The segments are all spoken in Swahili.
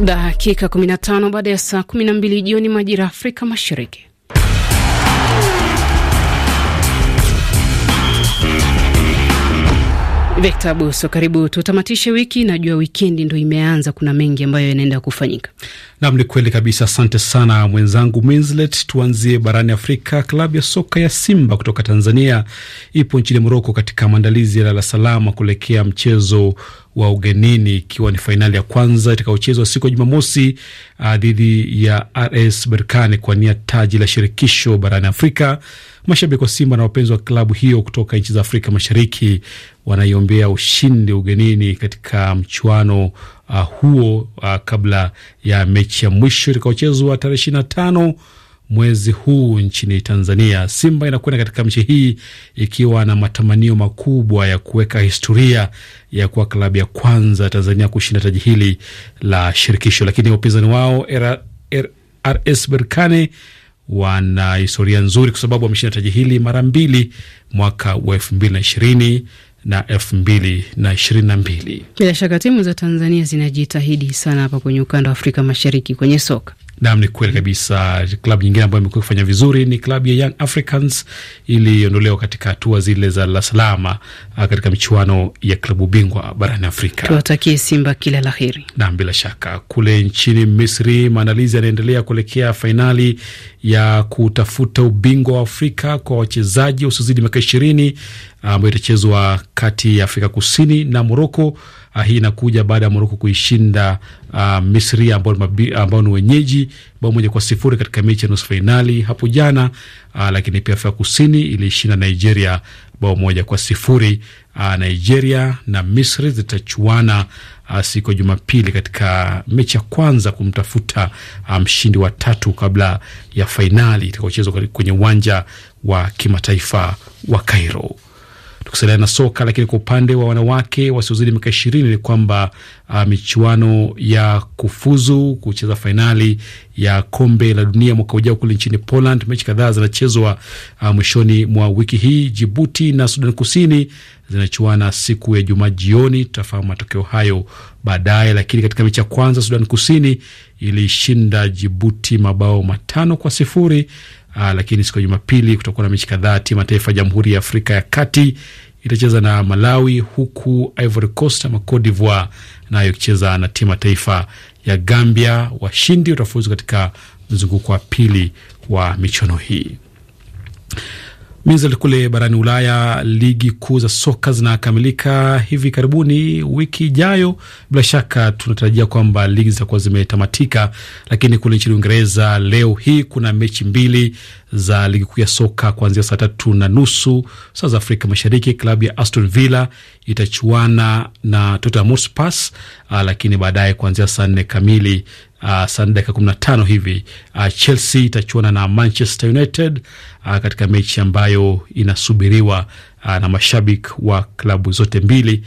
Dakika 15 baada ya saa 12 jioni majira Afrika Mashariki. Victor buso karibu tutamatishe wiki. Najua wikendi ndo imeanza, kuna mengi ambayo yanaenda kufanyika. Nam, ni kweli kabisa. Asante sana mwenzangu Minslet. Tuanzie barani Afrika. Klabu ya soka ya Simba kutoka Tanzania ipo nchini Moroko katika maandalizi ya lala salama kuelekea mchezo wa ugenini, ikiwa ni fainali ya kwanza itakayochezwa siku ya Jumamosi uh, dhidi ya RS Berkane kwa nia taji la shirikisho barani Afrika. Mashabiki wa Simba na wapenzi wa klabu hiyo kutoka nchi za Afrika Mashariki wanaiombea ushindi ugenini katika mchuano uh, huo uh, kabla ya mechi ya mwisho itakayochezwa tarehe ishirini na tano mwezi huu nchini Tanzania. Simba inakwenda katika mchi hii ikiwa na matamanio makubwa ya kuweka historia ya kuwa klabu ya kwanza Tanzania kushinda taji hili la shirikisho, lakini wapinzani wao RS Berkane wana historia nzuri kwa sababu wameshinda taji hili mara mbili mwaka wa elfu mbili na ishirini na elfu mbili na ishirini na mbili. Bila shaka timu za Tanzania zinajitahidi sana hapa kwenye ukanda wa Afrika Mashariki kwenye soka. Naam, ni kweli kabisa. Klabu nyingine ambayo imekuwa ikifanya vizuri ni klabu ya Young Africans, iliondolewa katika hatua zile za la salama ah, katika michuano ya klabu bingwa barani Afrika. Tuwatakie Simba kila la heri. Naam, bila shaka. Kule nchini Misri, maandalizi yanaendelea kuelekea fainali ya kutafuta ubingwa wa Afrika kwa wachezaji wasiozidi miaka ishirini ambayo itachezwa kati ya Afrika Kusini na Moroko. Uh, hii inakuja baada ya Moroko kuishinda uh, Misri ambao ni wenyeji bao moja kwa sifuri katika mechi ya nusu fainali hapo jana. Uh, lakini pia Afrika Kusini ilishinda Nigeria bao moja kwa sifuri. Uh, Nigeria na Misri zitachuana uh, siku ya Jumapili katika mechi ya kwanza kumtafuta mshindi um, wa tatu kabla ya fainali itakaochezwa kwenye uwanja wa kimataifa wa Cairo. Tukisalia na soka, lakini kwa upande wa wanawake wasiozidi miaka ishirini ni kwamba uh, michuano ya kufuzu kucheza fainali ya kombe la dunia mwaka ujao kule nchini Poland, mechi kadhaa zinachezwa uh, mwishoni mwa wiki hii. Jibuti na Sudan Kusini zinachuana siku ya Jumaa jioni. Tutafahamu matokeo hayo baadaye, lakini katika mechi ya kwanza Sudan Kusini ilishinda Jibuti mabao matano kwa sifuri Uh, lakini siku ya Jumapili kutakuwa na mechi kadhaa. Timu ya taifa ya Jamhuri ya Afrika ya Kati itacheza na Malawi, huku Ivory Coast ama Cote d'Ivoire nayo ikicheza na timu ya taifa ya Gambia. Washindi utafuzu katika mzunguko wa pili wa michuano hii. Kule barani Ulaya, ligi kuu za soka zinakamilika hivi karibuni wiki ijayo. Bila shaka tunatarajia kwamba ligi zitakuwa zimetamatika, lakini kule nchini Uingereza leo hii kuna mechi mbili za ligi kuu ya soka kuanzia saa tatu na nusu saa za Afrika Mashariki. Klabu ya Aston Villa itachuana na Tottenham Hotspur, lakini baadaye kuanzia saa nne kamili uh, saa dakika 15 hivi uh, Chelsea itachuana na Manchester United uh, katika mechi ambayo inasubiriwa uh, na mashabiki wa klabu zote mbili.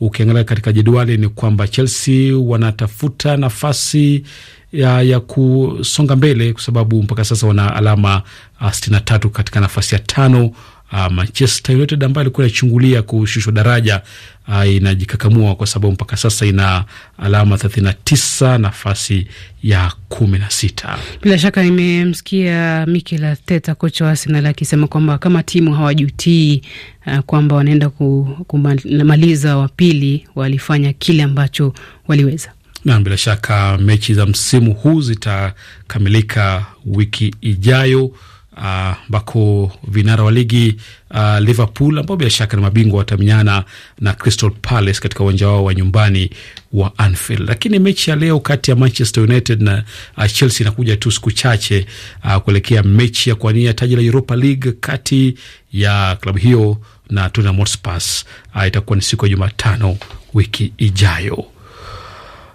Ukiangalia katika jedwali ni kwamba Chelsea wanatafuta nafasi ya, ya kusonga mbele kwa sababu mpaka sasa wana alama uh, 63 katika nafasi ya tano uh, Manchester United ambayo alikuwa inachungulia kushushwa daraja uh, inajikakamua kwa sababu mpaka sasa ina alama 39 nafasi ya kumi na sita. Bila shaka nimemsikia Mikel Arteta kocha wa Arsenal akisema kwamba kama timu hawajutii uh, kwamba wanaenda kumaliza wa pili, walifanya kile ambacho waliweza na bila shaka mechi za msimu huu zitakamilika wiki ijayo ambako ah, uh, vinara wa ligi uh, Liverpool ambao bila shaka ni mabingwa watamenyana na Crystal Palace katika uwanja wao wa nyumbani wa Anfield. Lakini mechi ya leo kati ya Manchester United na uh, Chelsea inakuja tu siku chache uh, kuelekea mechi ya kuwania taji la Europa League kati ya klabu hiyo na Tottenham Hotspur. Uh, itakuwa ni siku ya Jumatano wiki ijayo.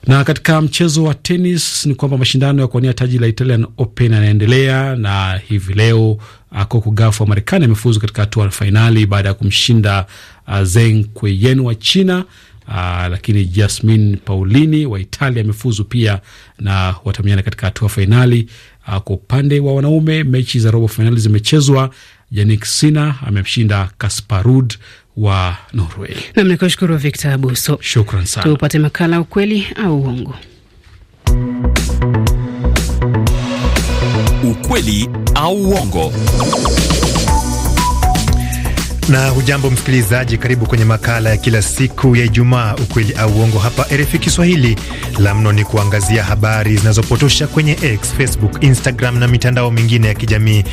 Na katika mchezo wa tenis ni kwamba mashindano ya kuwania taji la Italian Open yanaendelea na hivi leo uh, Coco Gauff wa Marekani amefuzu katika hatua ya fainali baada ya kumshinda uh, Zeng Queyen wa China. Uh, lakini Jasmin Paolini wa Italia amefuzu pia na watamiana katika hatua fainali. Uh, kwa upande wa wanaume mechi za robo fainali zimechezwa. Jannik Sinner amemshinda Kasparud wa Norway. Nam ni kushukuru Victor Abuso, shukran sana. Tupate makala ukweli au uongo. Ukweli au uongo. Na hujambo msikilizaji, karibu kwenye makala ya kila siku ya Ijumaa, ukweli au uongo, hapa RFI Kiswahili. La mno ni kuangazia habari zinazopotosha kwenye X, Facebook, Instagram na mitandao mingine ya kijamii.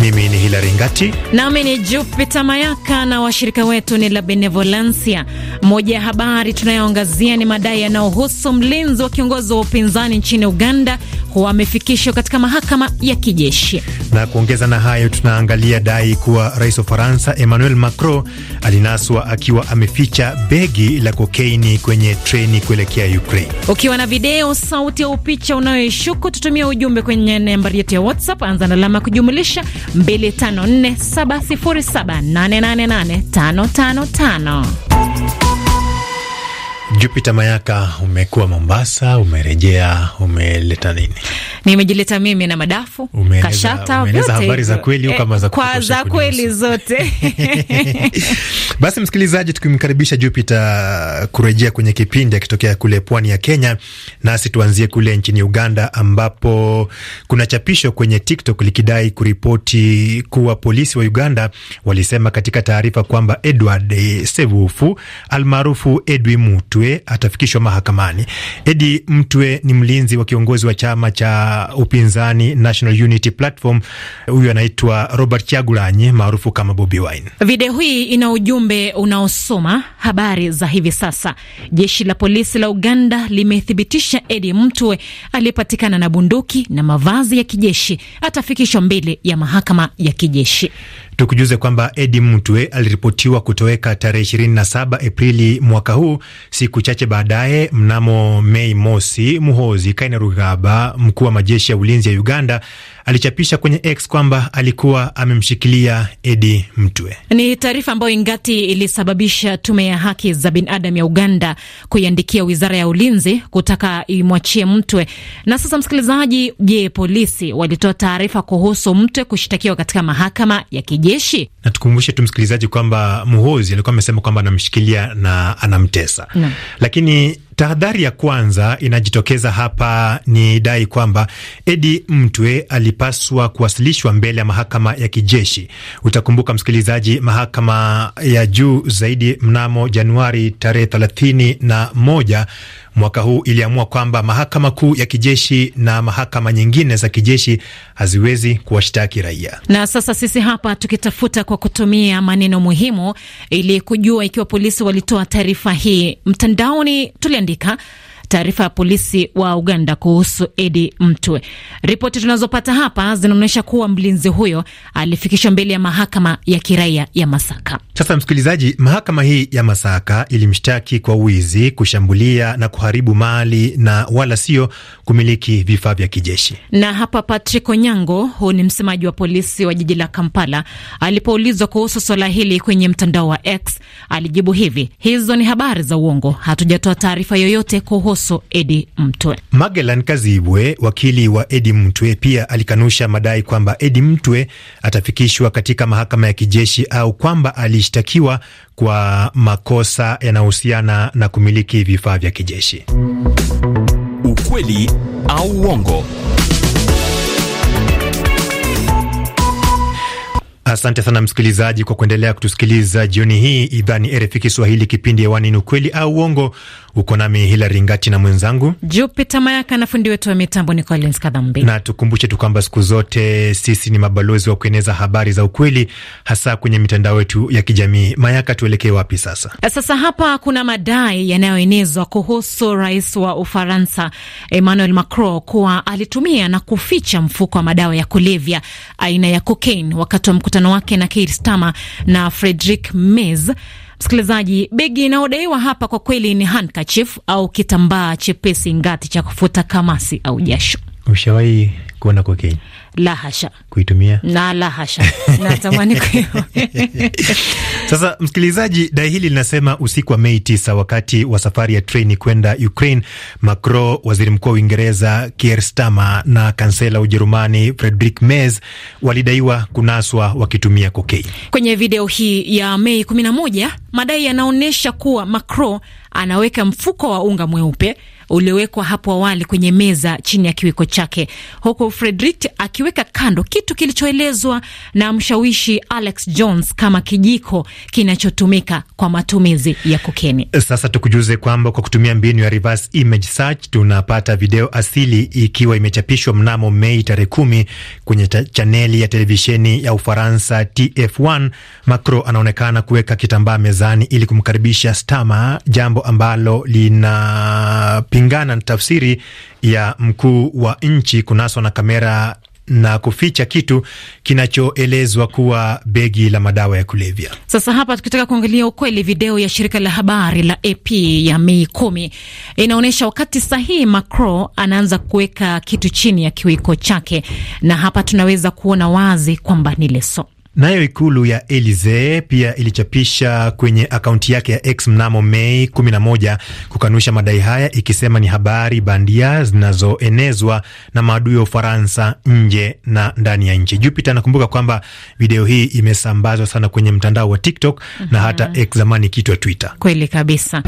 Mimi ni hilary Ngati nami ni Jupita Mayaka na washirika wetu ni La Benevolencia. Moja ya habari tunayoangazia ni madai yanayohusu mlinzi wa kiongozi wa upinzani nchini Uganda wamefikishwa katika mahakama ya kijeshi. Na kuongeza na hayo, tunaangalia dai kuwa rais wa Faransa Emmanuel Macron alinaswa akiwa ameficha begi la kokaini kwenye treni kuelekea Ukraine. Ukiwa na video, sauti au picha unayoishuku, tutumia ujumbe kwenye nambari yetu ya WhatsApp, anza na alama kujumulisha 254707888555. Jupita Mayaka, umekuwa Mombasa, umerejea, umeleta nini? Nimejileta mimi na madafu umeleza, kashata umeleza habari za kweli e, kama za kwa za kweli zote Basi msikilizaji, tukimkaribisha Jupita kurejea kwenye kipindi akitokea kule pwani ya Kenya, nasi tuanzie kule nchini Uganda ambapo kuna chapisho kwenye TikTok likidai kuripoti kuwa polisi wa Uganda walisema katika taarifa kwamba Edward Sevufu almaarufu Edwi Mutu Mtwe atafikishwa mahakamani. Edi Mtwe ni mlinzi wa kiongozi wa chama cha upinzani National Unity Platform. Huyu anaitwa Robert Chagulanyi maarufu kama Bobi Wine. Video hii ina ujumbe unaosoma habari za hivi sasa. Jeshi la polisi la Uganda limethibitisha Edi Mtwe aliyepatikana na bunduki na mavazi ya kijeshi atafikishwa mbele ya mahakama ya kijeshi. Tukujuze kwamba Edi Mtwe aliripotiwa kutoweka tarehe 27 Aprili mwaka huu. Siku chache baadaye, mnamo Mei mosi, Muhozi Kainerugaba, mkuu wa majeshi ya ulinzi ya Uganda alichapisha kwenye X kwamba alikuwa amemshikilia Edi Mtwe. Ni taarifa ambayo ingati ilisababisha tume ya haki za binadamu ya Uganda kuiandikia wizara ya ulinzi kutaka imwachie Mtwe. Na sasa, msikilizaji, je, polisi walitoa taarifa kuhusu Mtwe kushtakiwa katika mahakama ya kijeshi? Na tukumbushe tu msikilizaji kwamba Muhozi alikuwa amesema kwamba anamshikilia na anamtesa Lakini Tahadhari ya kwanza inajitokeza hapa ni dai kwamba Edi Mtwe alipaswa kuwasilishwa mbele ya mahakama ya kijeshi. Utakumbuka msikilizaji, mahakama ya juu zaidi mnamo Januari tarehe thelathini na moja mwaka huu iliamua kwamba mahakama kuu ya kijeshi na mahakama nyingine za kijeshi haziwezi kuwashtaki raia. Na sasa sisi hapa tukitafuta kwa kutumia maneno muhimu ili kujua ikiwa polisi walitoa taarifa hii mtandaoni, tuliandika taarifa ya polisi wa Uganda kuhusu Edi Mtwe. Ripoti tunazopata hapa zinaonyesha kuwa mlinzi huyo alifikishwa mbele ya mahakama ya kiraia ya Masaka. Sasa msikilizaji, mahakama hii ya Masaka ilimshtaki kwa wizi, kushambulia na kuharibu mali na wala sio kumiliki vifaa vya kijeshi. Na hapa Patrick Onyango, huu ni msemaji wa polisi wa jiji la Kampala, alipoulizwa kuhusu swala hili kwenye mtandao wa X alijibu hivi: hizo ni habari za uongo, hatujatoa taarifa yoyote kuhusu Mbosso Edi Mtwe. Magellan Kazibwe, wakili wa Edi Mtwe, pia alikanusha madai kwamba Edi Mtwe atafikishwa katika mahakama ya kijeshi au kwamba alishtakiwa kwa makosa yanayohusiana na kumiliki vifaa vya kijeshi. Ukweli au uongo? Asante sana msikilizaji kwa kuendelea kutusikiliza jioni hii. Idhaa ni RFI Kiswahili, kipindi hewani ni ukweli au uongo. Uko nami Hilari Ngati na mwenzangu Jupita Mayaka na fundi wetu wa mitambo ni Collins Kadhambi. Na tukumbushe tu kwamba siku zote sisi ni mabalozi wa kueneza habari za ukweli, hasa kwenye mitandao yetu ya kijamii. Mayaka, tuelekee wapi sasa? Sasa hapa kuna madai yanayoenezwa kuhusu rais wa Ufaransa Emmanuel Macron kuwa alitumia na kuficha mfuko wa madawa ya kulevya aina ya kokaini wakati wa mkutano mkutano wake na Keir Starmer na Frederick Mez. Msikilizaji, begi inayodaiwa hapa kwa kweli ni handkerchief au kitambaa chepesi ngati cha kufuta kamasi au jasho. Ushawahi kuona kokeini? La hasha. Kuitumia? Na la hasha. Natamani kuiona. Sasa msikilizaji, dai hili linasema usiku wa Mei tisa, wakati wa safari ya treni kwenda Ukraine, Macron, waziri mkuu wa Uingereza Keir Starmer na kansela Ujerumani Friedrich Merz walidaiwa kunaswa wakitumia kokeini. Kwenye video hii ya Mei 11 madai yanaonyesha kuwa Macron anaweka mfuko wa unga mweupe uliowekwa hapo awali kwenye meza chini ya kiwiko chake, huku Fredrick akiweka kando kitu kilichoelezwa na mshawishi Alex Jones kama kijiko kinachotumika kwa matumizi ya kokeni. Sasa tukujuze kwamba kwa kutumia mbinu ya reverse image search tunapata video asili ikiwa imechapishwa mnamo Mei tarehe kumi kwenye chaneli ya televisheni ya Ufaransa TF1. Macron anaonekana kuweka kitambaa mezani ili kumkaribisha Stama, jambo ambalo lina kupingana na tafsiri ya mkuu wa nchi kunaswa na kamera na kuficha kitu kinachoelezwa kuwa begi la madawa ya kulevya. Sasa hapa tukitaka kuangalia ukweli, video ya shirika la habari la AP ya Mei kumi inaonyesha wakati sahihi Macron anaanza kuweka kitu chini ya kiwiko chake, na hapa tunaweza kuona wazi kwamba ni leso Nayo ikulu ya Elisee pia ilichapisha kwenye akaunti yake ya X mnamo Mei 11 kukanusha madai haya, ikisema ni habari bandia zinazoenezwa na maadui ya Ufaransa nje na ndani ya nchi. Jupiter, nakumbuka kwamba video hii imesambazwa sana kwenye mtandao wa TikTok mm -hmm. na mhm. hata X zamani kitwa Twitter. Kweli kabisa.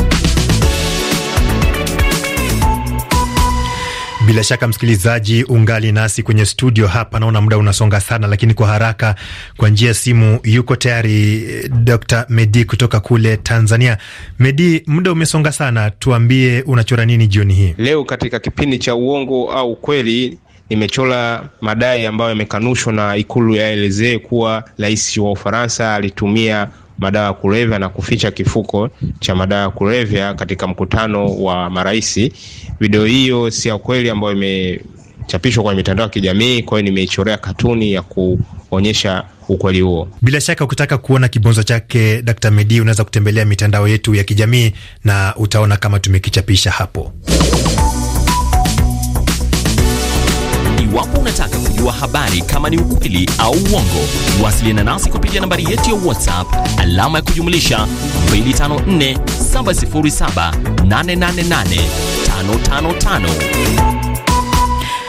Bila shaka msikilizaji, ungali nasi kwenye studio hapa. Naona muda unasonga sana, lakini kwa haraka, kwa njia ya simu yuko tayari eh, Dr Medi kutoka kule Tanzania. Medi, muda umesonga sana, tuambie unachora nini jioni hii leo katika kipindi cha uongo au kweli? Nimechora madai ambayo yamekanushwa na Ikulu ya elezee kuwa rais wa Ufaransa alitumia madawa ya kulevya na kuficha kifuko cha madawa ya kulevya katika mkutano wa marais. Video hiyo si ya kweli, ambayo imechapishwa kwenye mitandao ya kijamii, kwa hiyo nimeichorea katuni ya kuonyesha ukweli huo. Bila shaka ukitaka kuona kibonzo chake Dkt. Medi, unaweza kutembelea mitandao yetu ya kijamii na utaona kama tumekichapisha hapo. Iwapo unataka kujua habari kama ni ukweli au uongo, wasiliana nasi kupitia nambari yetu ya WhatsApp alama ya kujumlisha 254 707 888 555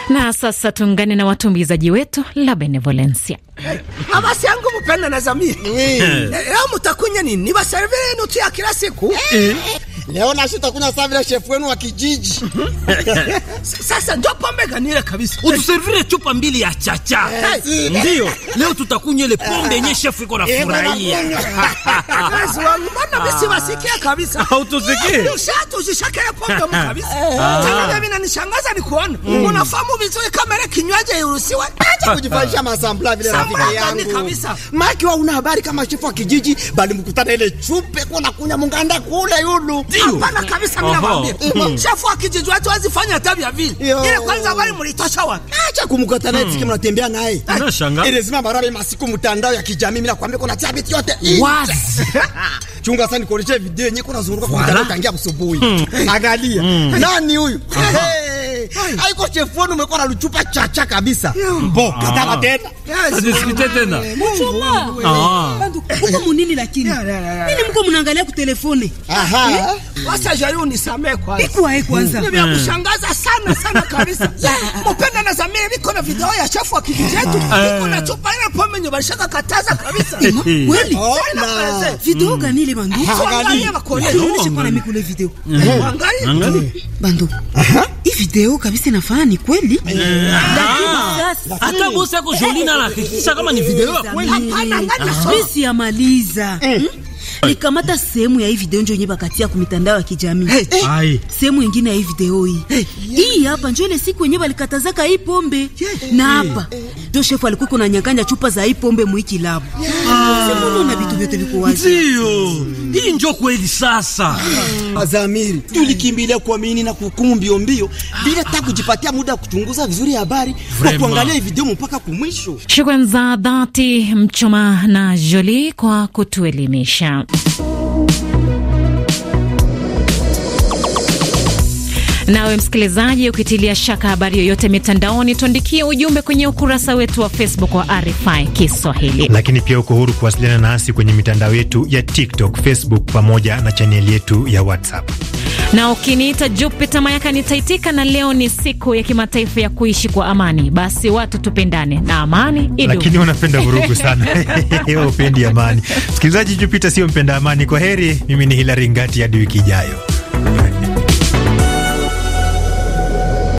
na sasa tuungane na watumbizaji wetu la benevolencia abasi yangu mupenda na zamii leo eh, eh, mutakunya nini nibaservire tu ya kila siku eh. Leo na shuta kunywa saa vile chef wenu wa kijiji. Sasa ndio pombe ile kabisa. Utuservire chupa mbili ya chacha. Eh, eh. Ndio. Leo tutakunywa ile pombe yenye chef iko na eh, furahia. Siwasikia kabisa. Hautusikii? Ushatuzishakele kondomu kabisa. Ah. Tena mimi nanishangaza ni kuona. Mm. Unafahamu vizuri kama ile kinywaji hairuhusiwa. Acha kujifanyisha ah. masambla vile rafiki yangu. Kabisa. Maki wa una habari kama chifu wa kijiji bali mkutana ile chupe kwa nakunya munganda kule yulu. Hapana kabisa mimi nakwambia. Mm. Mm. Chifu wa kijiji watu wazifanya tabia vile. Ile kwanza wale mlitosha wapi? Acha kumkutana eti kama unatembea naye. Nashangaa. Ile zima barabe masiku mtandao ya kijamii mimi nakwambia kuna tabia yote. Wazi. chunga sana nikuonyeshe video yenyewe kuna zunguka kwa tangia asubuhi. Hmm. Angalia. Hmm. Nani huyu? Haiko chefoni umekuwa na luchupa chacha kabisa. Mboka ah. tena. Tunasikite tena. Mchoma. Huko ah. munini lakini. Nini mko mnaangalia ku telefone? Aha. Sasa jayo nisamee kwanza. Iko hai kwanza. Ni kushangaza sana sana kabisa. Mpenda na samee niko na video ya chafu wa kijiji chetu. Ah. Niko na chupa ile pombe nyo bashaka kataza kabisa. Eh, kweli? Video mm. gani ile bandu? Angalia bakole. Ni siko na mikule video. Mm-hmm. Angalia. Bandu. Aha. Hii video kabisa inafaa ni kweli? Eh. Lakini hata hmm. bosi yako Jolina anahakikisha kama ni video ya kweli. Hapana, ngani eh. hmm? sehemu ya hii video njo yenye bakatia ku mitandao ya kijamii hey. Eh. Eh. Sehemu ingine ya hii video hii hey. Hii hapa njo ile siku yenye balikatazaka hii pombe yeah. Na hapa ndio alikuwa kuna nyang'anya chupa za hii pombe mwiki labu yeah na vitu vyote viko wazi. Ndio. Mm. Hii njo kweli sasa. Ah. Azamiri, tulikimbilia mm. kuamini na kukumbio mbio ah. bila hata kujipatia muda wa kuchunguza vizuri habari na kuangalia video mpaka kumwisho. Shukrani za dhati Mchoma na Jolie kwa kutuelimisha. Nawe msikilizaji, ukitilia shaka habari yoyote mitandaoni, tuandikie ujumbe kwenye ukurasa wetu wa Facebook wa RFI Kiswahili. Lakini pia uko huru kuwasiliana nasi kwenye mitandao yetu ya TikTok, Facebook pamoja na chaneli yetu ya WhatsApp na ukiniita Jupita Mayaka nitaitika. Na leo ni siku ya kimataifa ya kuishi kwa amani. Basi watu tupendane na amani idu. Lakini wanapenda vurugu sana upendi amani. Msikilizaji, Jupita sio mpenda amani. Kwa heri, mimi ni Hilari Ngati, hadi wiki ijayo.